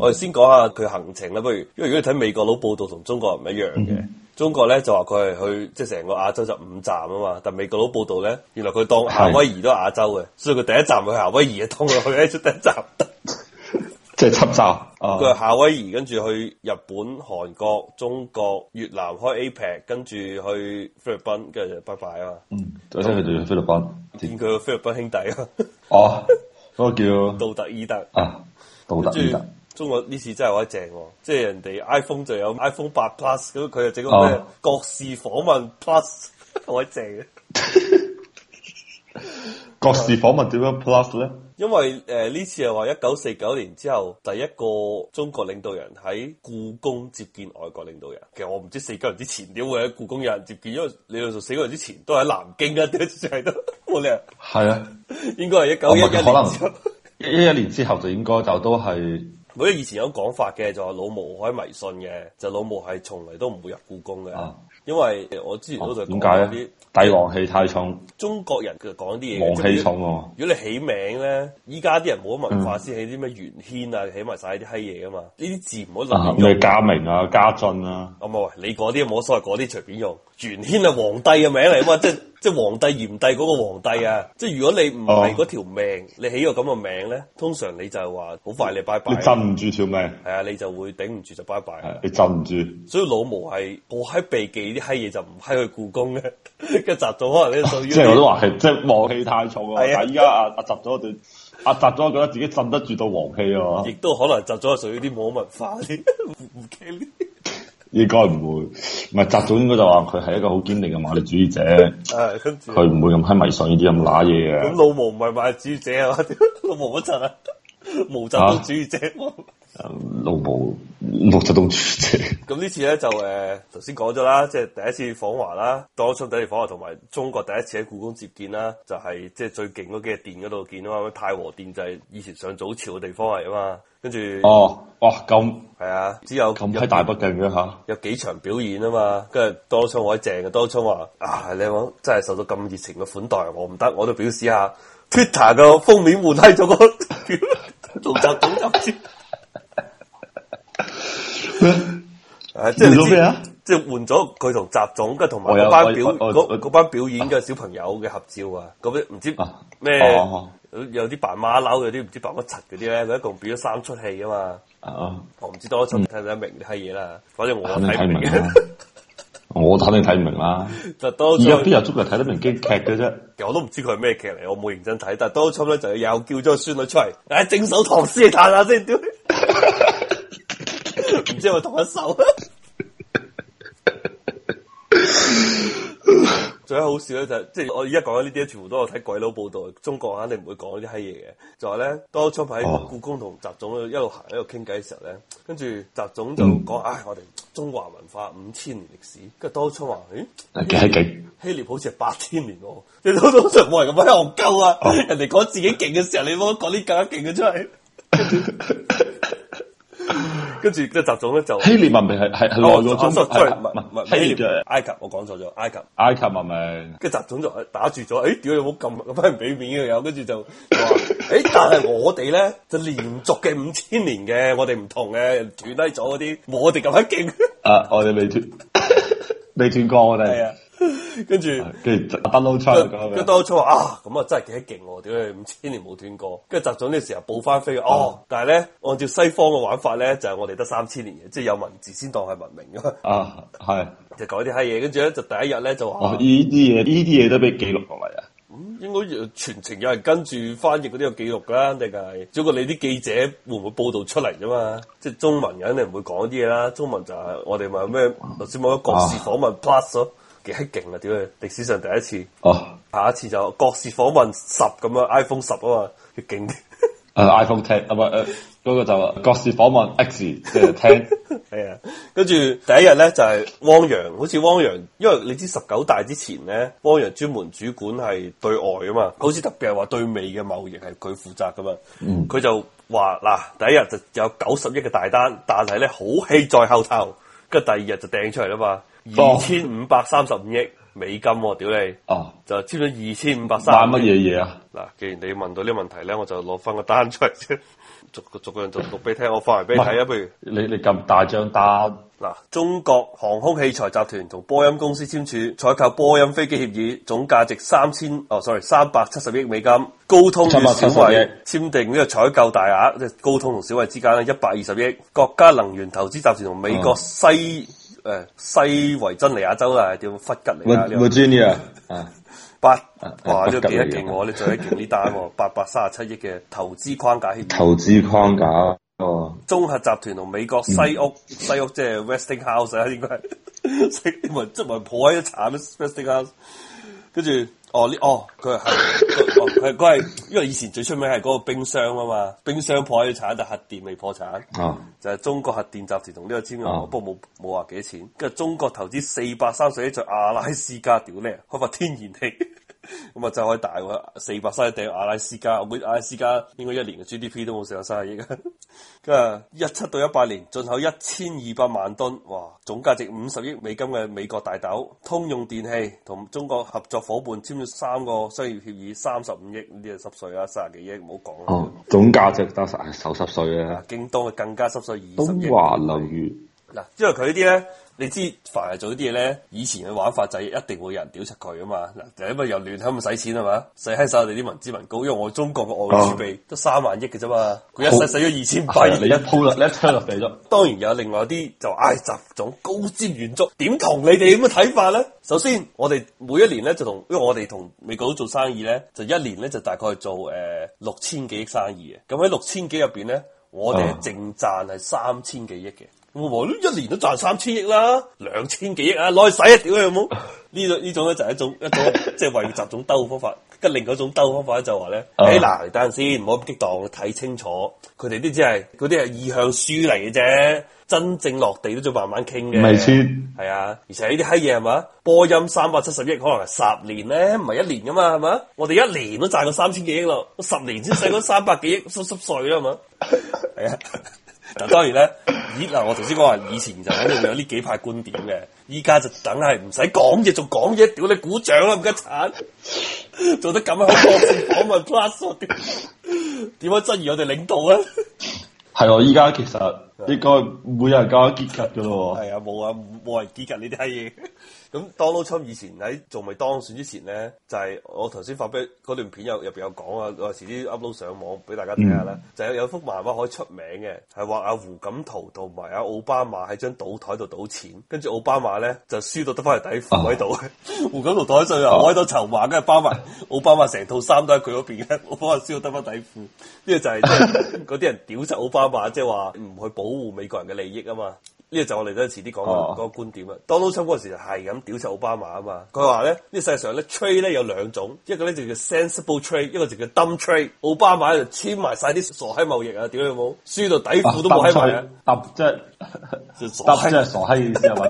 我哋先講下佢行程啦，不如，因為如果你睇美國佬報道同中國唔一樣嘅、嗯，中國咧就話佢係去即係成個亞洲就五站啊嘛，但美國佬報道咧，原來佢當夏威夷都係亞洲嘅，所以佢第一站去夏威夷，就當佢去第一站， 即係七站。佢、啊、夏威夷跟住去日本、韓國、中國、越南開 APEC，跟住去菲律賓，跟住就拜拜啊嘛。嗯，首先去到菲律賓，見佢個菲律賓兄弟啊。哦，嗰個叫道德伊德啊，道德伊德。啊。中國呢次真係好正，啊，即、就、係、是、人哋 iPhone 就有 iPhone 八 Plus，咁佢又整個咩國事訪問 Plus，好正嘅，啊。 國事訪問點樣 Plus 咧？因為誒呢、呃、次係話一九四九年之後第一個中國領導人喺故宮接見外國領導人。其實我唔知四九年之前點會喺故宮有人接見，因為你話做四九年之前都喺南京啊，點就喺都我哋係啊， 應該係一九一一年之後就應該就都係。佢以前有講法嘅，就話老毛可以迷信嘅，就係、老毛係從嚟都唔會入故宮嘅、啊，因為我之前都就講啲帝王氣太重，中國人佢講啲嘢王氣重啊，如！如果你起名咧，依家啲人冇文化乜先起啲咩元軒啊，嗯、起埋晒啲閪嘢噶嘛，呢啲字唔好亂用，咩嘉明啊、嘉、啊、俊啊，啊唔係你嗰啲冇所謂，嗰啲隨便用，元軒係皇帝嘅名嚟啊嘛，即係。即係皇帝炎帝嗰個皇帝啊！即係如果你唔係嗰條命、哦，你起個咁嘅名咧，通常你就係話好快你拜拜。你浸唔住條命，係啊，你就會頂唔住就拜拜、啊。你浸唔住，所以老毛係我喺避忌啲閪嘢就唔係去故宮嘅，跟住集咗，可能你屬於我都話，即係皇氣太重啊！但係依家壓阿集咗一段，阿集咗覺得自己浸得住到黃氣啊！亦都可能集咗屬於啲冇文化啲唔 應該唔會，唔係，習總應該就話佢係一個好堅定嘅馬列主義者，誒、 啊，佢唔、啊、會咁喺迷信呢啲咁乸嘢嘅。咁老毛唔係馬列主義者啊？嘛， 老毛乜啊？毛澤東主義者。啊 嗯、老無毛澤東主席。咁呢次咧就誒，頭先講咗啦，即係第一次訪華啦，Donald Trump 第一次訪華同埋中國第一次喺故宮接見啦，就係、是、即係最勁嗰幾日殿嗰度見啊嘛，太和殿就係以前上早朝嘅地方嚟啊嘛，跟住哦，哇咁係啊，只有咁喺大筆嘅嘢吓，有幾場表演啊嘛，跟住 Donald Trump 我好正嘅，Donald Trump 話啊，你講真係受到咁熱情嘅款待，我唔得，我都表示下，Twitter 嘅封面換低咗個老 誒，即係做咩啊？即係換咗佢同習總，跟住同埋嗰班表班表演嘅小朋友嘅合照啊！咁樣唔知咩有啲扮馬騮，有啲唔知扮乜柒嗰啲咧。佢一,一,一,一共表咗三齣戲啊嘛。哦、嗯，我唔知 Donald Trump 睇得明啲閪嘢啦。反正我肯定睇唔明 但 Donald Trump。 我肯定睇唔明啦。有啲人足係睇得明京劇嘅啫。其實我都唔知佢係咩劇嚟，我冇認真睇。但係 Donald Trump 咧就又叫咗個孫女出嚟，誒、哎，整首唐詩嘆下先下。 因為同一首，最啱好笑咧就係、是，即係我而家講緊呢啲全部都係睇鬼佬報道。中國肯定唔會講呢啲閪嘢嘅，就話咧當初喺故宮同習總一路行一路傾偈嘅時候咧，跟住習總就講，唉、嗯哎，我哋中華文化五千年歷史。跟住當初話，咦，幾閪勁？希臘好似係八千年喎、哦，你老老實實冇人咁閪戇鳩啊！哦、人哋講自己勁嘅時候，你幫我講啲更加勁嘅出嚟。 跟住個習總咧就希臘文明係係外弱中弱，唔係唔係唔係，埃及我講錯咗，埃及埃及文明。跟住習總就打住咗，誒屌你冇咁忽然俾面又有，跟住就，誒但係我哋咧就連續嘅五千年嘅，我哋唔同嘅，斷低咗啲，我哋咁激勁。 uh, 係啊，我哋未斷，未斷過我哋。 跟住，跟住阿德魯初，阿德初啊，咁啊真係幾勁喎！屌你五千年冇斷過，跟住習總呢時候報，翻飛哦。但係咧，按照西方嘅玩法咧，就係、是、我哋得三千年嘅，即、就、係、是、有文字先當係文明咯。啊，係就講啲閪嘢，跟住咧就第一日咧就話呢啲嘢，呢啲嘢都俾記錄落嚟啊。咁應該全程有人跟住翻譯嗰啲有記錄啦，定係？只不過你啲記者會唔會報道出嚟啫嘛？即係中文肯定唔會講啲嘢啦，中文就係我哋有咩？羅斯摩嘅國事訪問 plus，啊。啊幾閪勁啊！屌，歷史上第一次哦，oh. 下一次就國事訪問十咁樣，iPhone 十啊嘛，勁、uh, 啲。 啊，iPhone Ten 啊，嗰個就國事訪問 X 即係 Ten 係啊，跟 住第一日咧就係汪洋，好似汪洋，因為你知十九大之前咧，汪洋專門主管係對外啊嘛，好似特別係話對美嘅貿易係佢負責噶嘛，佢、mm. 就話嗱第一日就有九十億嘅大單，但係咧好戲在後頭，跟住第二日就掟出嚟啦嘛。二千五百三十五億美金，啊，屌你 2,！哦，就簽咗二千五百三。買乜嘢嘢啊？嗱，既然你問到呢個問題咧，我就攞翻個單出嚟先，逐個逐個人讀讀俾你聽，我翻嚟俾你睇啊。不如你你咁大張單嗱，啊，中國航空器材集團同波音公司簽署採購波音飛機協議，總價值三千哦，sorry，三百七十億美金。高通同小米簽訂呢個採購大額，即係高通同小米之間咧一百二十億。國家能源投資集團同美國西、啊誒，西維珍尼亞州啦，叫弗吉尼亞。Virginia，、啊、 八、啊啊啊、哇，都幾一勁喎！你做一勁呢單，八百三十七億嘅投資框，框架。投資框架哦，綜合集團同美國西屋，嗯、西屋即係 Westinghouse 啊，應該係。即係即係破產 Westinghouse 跟住，哦呢，哦佢係。佢佢係因為以前最出名係嗰個冰箱啊嘛，冰箱破產但核電未破產，啊、就係、是、中國核電集團同呢個簽嘅，不過冇冇話幾多錢。跟住中國投資四百三十億在阿拉斯加屌咩開發天然氣。咁啊就可以大喎，四百卅億頂阿拉斯加，我估阿拉斯加應該一年嘅 GDP 都冇四百卅億啊。跟住一七到一八年進口一千二百萬噸，哇，總價值五十億美金嘅美國大豆，通用電器同中國合作伙伴簽咗三個商業協議，三十五億呢就濕碎啦，卅幾億唔好講。哦，總價值得十係受濕碎嘅。京東啊，更加濕碎二十億。東華樓宇。嗱，因為佢呢啲咧，你知凡係做東西呢啲嘢咧，以前嘅玩法就一定會有人屌出佢噶嘛。嗱，因為又亂，咁咪使錢係嘛，使閪晒我哋啲民脂民膏，用我中國嘅外匯儲備都三萬億嘅啫嘛。佢一使使咗二千八億，你一鋪啦，一攤落嚟咗。當然有另外啲就唉，習總高瞻遠矚，點同你哋咁嘅睇法咧？首先，我哋每一年咧就同，因為我哋同美國佬做生意咧，就一年咧就大概做誒六千幾億生意嘅。咁喺六千幾入邊咧，我哋淨賺係三千幾億嘅。一年都賺三千億啦，兩千幾億啊，攞去使一啲啦，有冇？呢 種呢種咧就係一種一種，即係話集種兜方法，跟 另一種兜方法咧就話咧，哎、oh. 嗱，等陣先，唔好激動，睇清楚，佢哋啲只係嗰啲係意向書嚟嘅啫，真正落地都仲慢慢傾嘅，未簽，係啊，而且呢啲閪嘢係嘛，波音三百七十億可能係十年咧，唔係一年噶嘛，係嘛，我哋一年都賺到三千幾億咯，十年先使嗰三百幾億濕濕碎啦嘛，係 是啊。 嗱，當然咧，我頭先講話以前就肯定會有呢幾派觀點嘅，依家就等係唔使講嘢，仲講嘢，屌你鼓掌啦，啊，唔得鏟， 做得咁這樣訪問 plus 點點樣質疑我哋領導呢？係我依家其實應該每人交得結吉噶咯，係啊，冇啊，冇人結吉呢啲閪嘢。咁 Donald Trump 以前喺仲未當選之前咧，就係、係、我頭先發俾嗰段片有，面有入邊有講啊，話遲啲 upload 上網俾大家睇下啦。就係有幅漫畫可以出名嘅，係話阿胡錦濤同埋阿奧巴馬喺張賭台度賭錢，跟住奧巴馬咧就輸到得翻去底褲喺度，啊、 胡錦濤袋上又攞咗籌碼，跟住包埋奧巴馬成套衫都喺佢嗰邊嘅，奧巴馬輸到得翻底褲，呢個就係嗰啲人屌柒奧巴馬，即係話唔去保護美國人嘅利益啊嘛。呢個就是我哋都遲啲講嗰個觀點啦、啊。Donald Trump 嗰陣時就係咁屌柒奧巴馬啊嘛。佢話咧，呢世界上咧 trade 咧有兩種，一個咧就叫 sensible trade，一個就叫 dumb trade。奧巴馬就簽埋晒啲傻閪貿易沒啊，屌你冇，輸到底褲都冇閪賣。揼即係，揼即係傻閪、就是就是就是、意思係嘛？Dumb 啊、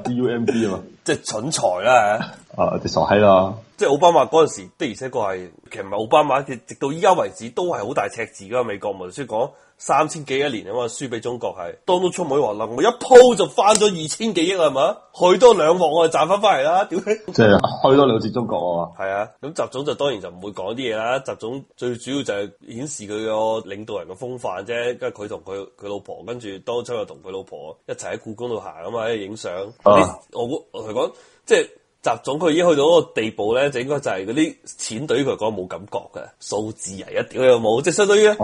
就是、嘛，即係蠢材啦啊，啲傻閪啦。即係奧巴馬嗰陣時的，而且確係其實唔係奧巴馬直到依家為止都係好大赤字㗎美國，無需要講。三千幾一年啊嘛，輸俾中國係，Donald Trump 我一鋪就翻咗二千幾億啊嘛，去多兩鑊我就賺翻翻嚟啦，屌你，去多兩次中國啊嘛，係啊，咁習總就當然就唔會講啲嘢啦，習總最主要就係顯示佢個領導人嘅風範啫，因為佢跟住佢同佢佢老婆，跟住當初又同佢老婆一齊喺故宮度行啊嘛，喺度影相，我我講即係習總佢已經去到嗰個地步咧，就應該就係嗰啲錢對佢講冇感覺嘅，數字係一屌，有冇，即係相當於。啊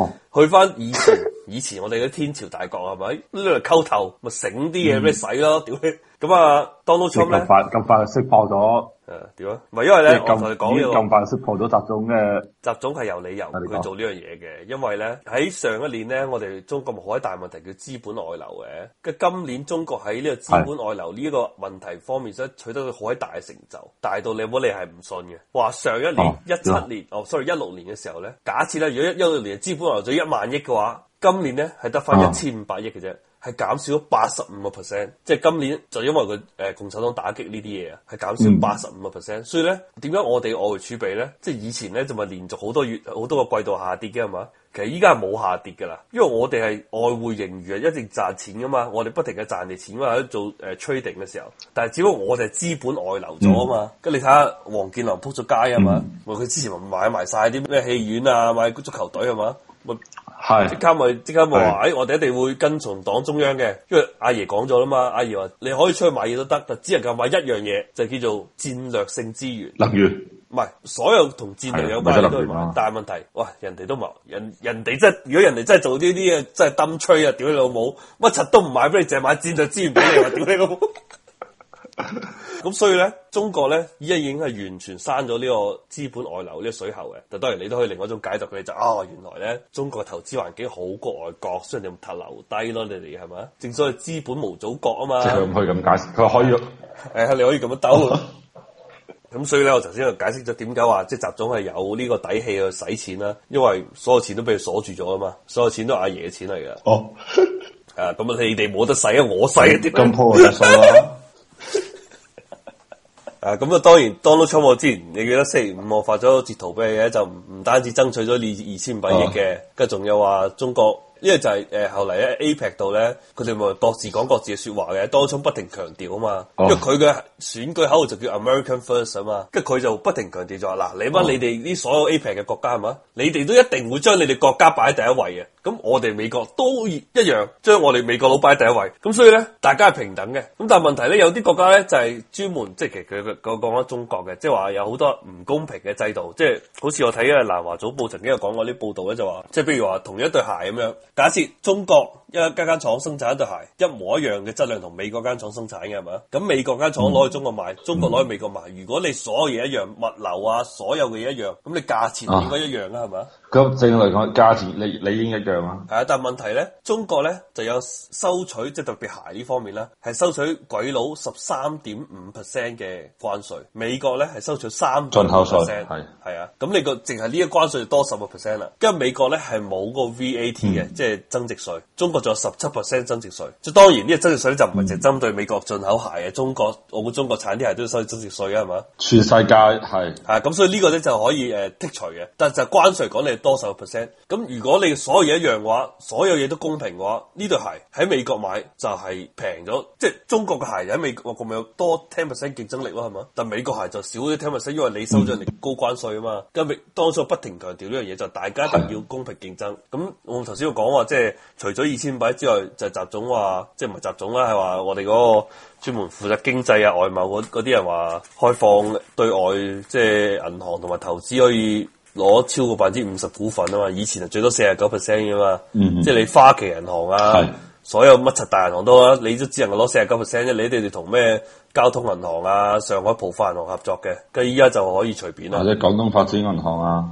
去翻以前， 以前我哋嘅天朝大國係咪呢度溝頭咪醒啲嘢咩使咯？屌咩咁啊？Donald Trump 呢咁快咁快就識破咗？誒點啊？唔係因為咧，我同佢講呢個咁快就識破咗習總嘅，習總係有理由去做呢樣嘢嘅，因為咧喺上一年咧，我哋中國咪好閪大問題叫資本外流嘅。咁今年中國喺呢個資本外流呢一個問題方面，所以取得好閪大嘅成就，大到你我你係唔信嘅。話上一年一七、哦、年哦，sorry 一六年嘅時候咧，假設咧，如果一六年資本外流咗一萬億嘅話，今年咧係得翻一千五百億嘅啫，係、啊、減少咗八十五個 percent，即係今年就因為佢誒、呃、共產黨打擊呢啲嘢啊，係減少八十五個 percent。所以咧，點解我哋外匯儲備咧，即係以前咧就咪連續好多月好多個季度下跌嘅係嘛？其實依家冇下跌噶啦，因為我哋係外匯盈餘啊，一直賺錢噶嘛，我哋不停嘅賺你錢嘛，因為喺做誒、呃、trading 嘅時候，但係只不過我哋係資本外流咗啊嘛。咁、嗯、你睇下王健林扑咗街啊嘛，佢、嗯、之前咪買埋晒啲咩戲院啊，買足球隊啊嘛。咪即刻咪即刻話，誒、哎，我哋一定會跟從黨中央嘅，因為阿爺講咗啦嘛，阿爺話你可以出去買嘢都得，但只能夠買一樣嘢，就叫做戰略性資源能源。唔係所有同戰略有關嘅都係，啊、但係問題，哇，人哋都冇，人人哋真係，如果人哋真係做呢啲嘢，真係 dump 吹啊，屌你老母，乜柒都唔買，俾你淨買戰略資源俾你，話屌你老母。咁 所以咧，中國咧依家已經係完全閂咗呢個資本外流呢個水喉嘅。就當然你都可以另外一種解讀、就是，佢就啊原來咧中國投資環境好過外國，雖然你咪留低咯，你哋係咪？正所謂資本無祖國啊嘛。即係唔可以咁解釋，佢話可以誒、 哎，你可以咁樣兜。咁 所以咧，我頭先就解釋咗點解話即係習總係有呢個底氣去使錢啦，因為所有錢都俾佢鎖住咗啊嘛，所有錢都係阿爺嘅錢嚟嘅。哦，啊咁你哋冇得使啊，我使啲咁啊，咁、嗯、啊，當然 Donald Trump 我之前，你記得四月五號我發咗截圖俾你嘅，就唔單止爭取咗二二千五百億嘅，跟住仲有話中國。呢、這個就係、是、誒、呃、後嚟咧 APEC 度咧，佢哋咪各自講各自嘅說話嘅，當初不停強調啊嘛。因為佢嘅選舉口號就叫 American First 啊嘛，跟住佢就不停強調咗嗱、啊，你問你哋啲所有 APEC 嘅國家係嘛，你哋都一定會將你哋國家擺喺第一位嘅。咁我哋美國都一樣將我哋美國佬擺喺第一位。咁所以咧，大家係平等嘅。咁但係問題咧，有啲國家咧就係、是、專門即係佢佢講講咗中國嘅，即係話有好多唔公平嘅制度。即係好似我睇《南華早報》曾經有講過啲報道咧，就話即係譬如話同一對鞋咁樣。假設中國。因為一間間廠生產對鞋一模一樣嘅質量同美國間廠生產嘅係咪？咁美國間廠攞去中國賣，嗯，中國攞去美國賣。如果你所有嘢一樣，物流啊，所有嘅嘢一樣，咁你價錢應該一樣啦？係咪？咁正嚟講，價錢你你已經一樣啦。係啊，但係問題咧，中國咧就有收取即係特別是鞋呢方面咧，係收取鬼佬十三點五 percent 嘅關稅。美國咧係收取三進口稅，係係啊。咁、啊、你個淨係呢個關稅多十個 percent 啦。跟住美國咧係冇個 VAT 嘅，嗯，即係增值稅，中咗十七 percent 增值稅，即係當然呢個增值稅就唔係淨針對美國進口鞋嘅、嗯，中國我估中國產啲鞋都要收增值稅啊，係嘛？全世界係，係咁所以個呢個咧就可以誒、呃、剔除嘅，但係就關稅講你多十個 percent。咁如果你所有嘢一樣嘅話，所有嘢都公平嘅話，呢對鞋喺美國買就係平咗，即、就、係、是、中國嘅鞋喺美國，佢咪有多 ten percent 競爭力咯，係嘛？但美國鞋就少咗 ten percent，因為你收咗你高關稅啊嘛。咁、嗯、咪當初不停強調呢樣嘢，就是、大家一定要公平競爭。咁我頭先我講話即係除咗以前。千幣之外，就係、習總話，即係唔係習總啦，係話我哋嗰個專門負責經濟啊、外貿嗰啲人話開放對外，即係銀行同埋投資可以攞超過百分之五十股份啊嘛，以前係最多四十九 percent 噶嘛，嗯、即係你花旗銀行啊，所有乜七大銀行都，你都只能攞四十九 percent 啫，你哋同咩交通銀行啊、上海浦發銀行合作嘅，跟依家就可以隨便啦，或者廣東發展銀行啊。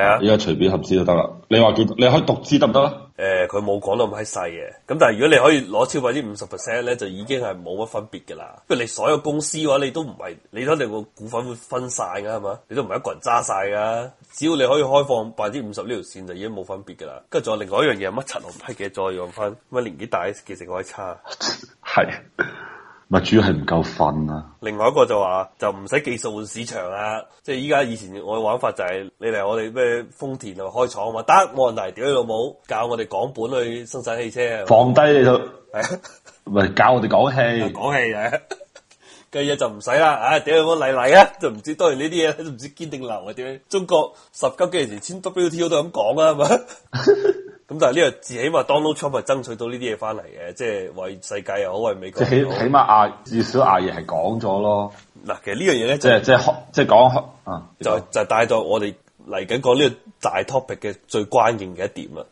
係啊，而家隨便合資就得啦。你話叫你可以獨資得唔得啊？誒，佢冇講到咁閪細嘅。咁但係如果你可以攞超百分之五十 percent 咧，就已經係冇乜分別噶啦。因為你所有公司嘅話，你都唔係，你睇你個股份會分散噶係嘛？你都唔係一個人揸晒噶。只要你可以開放百分之五十呢條線，就已經冇分別噶啦。跟住仲有另外一樣嘢，乜柒我批嘅再用翻。乜年紀大其實可以差係。 是咪主要係唔夠瞓啊！另外一個就話就唔使技術換市場啊！即係依家以前我嘅玩法就係、是、你嚟我哋咩豐田啊開廠嘛，得冇問題，屌你老母教我哋港本去生產汽車啊！放低你都唔係教我哋講氣講氣嘅，嘅嘢就唔使啦！唉、啊，屌你老母嚟啊！就唔知當然呢啲嘢都唔知堅定流嘅點，中國十九幾幾年前簽 WTO 都咁講啊，係咪？ 咁但係呢個至少話 Donald Trump 係爭取到呢啲嘢翻嚟嘅，即係為世界又好為美國。即起起碼阿至少阿爺係講咗咯。嗱，其實呢樣嘢咧，即係即係即係講，就就帶咗我哋嚟緊講呢個大 topic 嘅最關鍵嘅一點啦。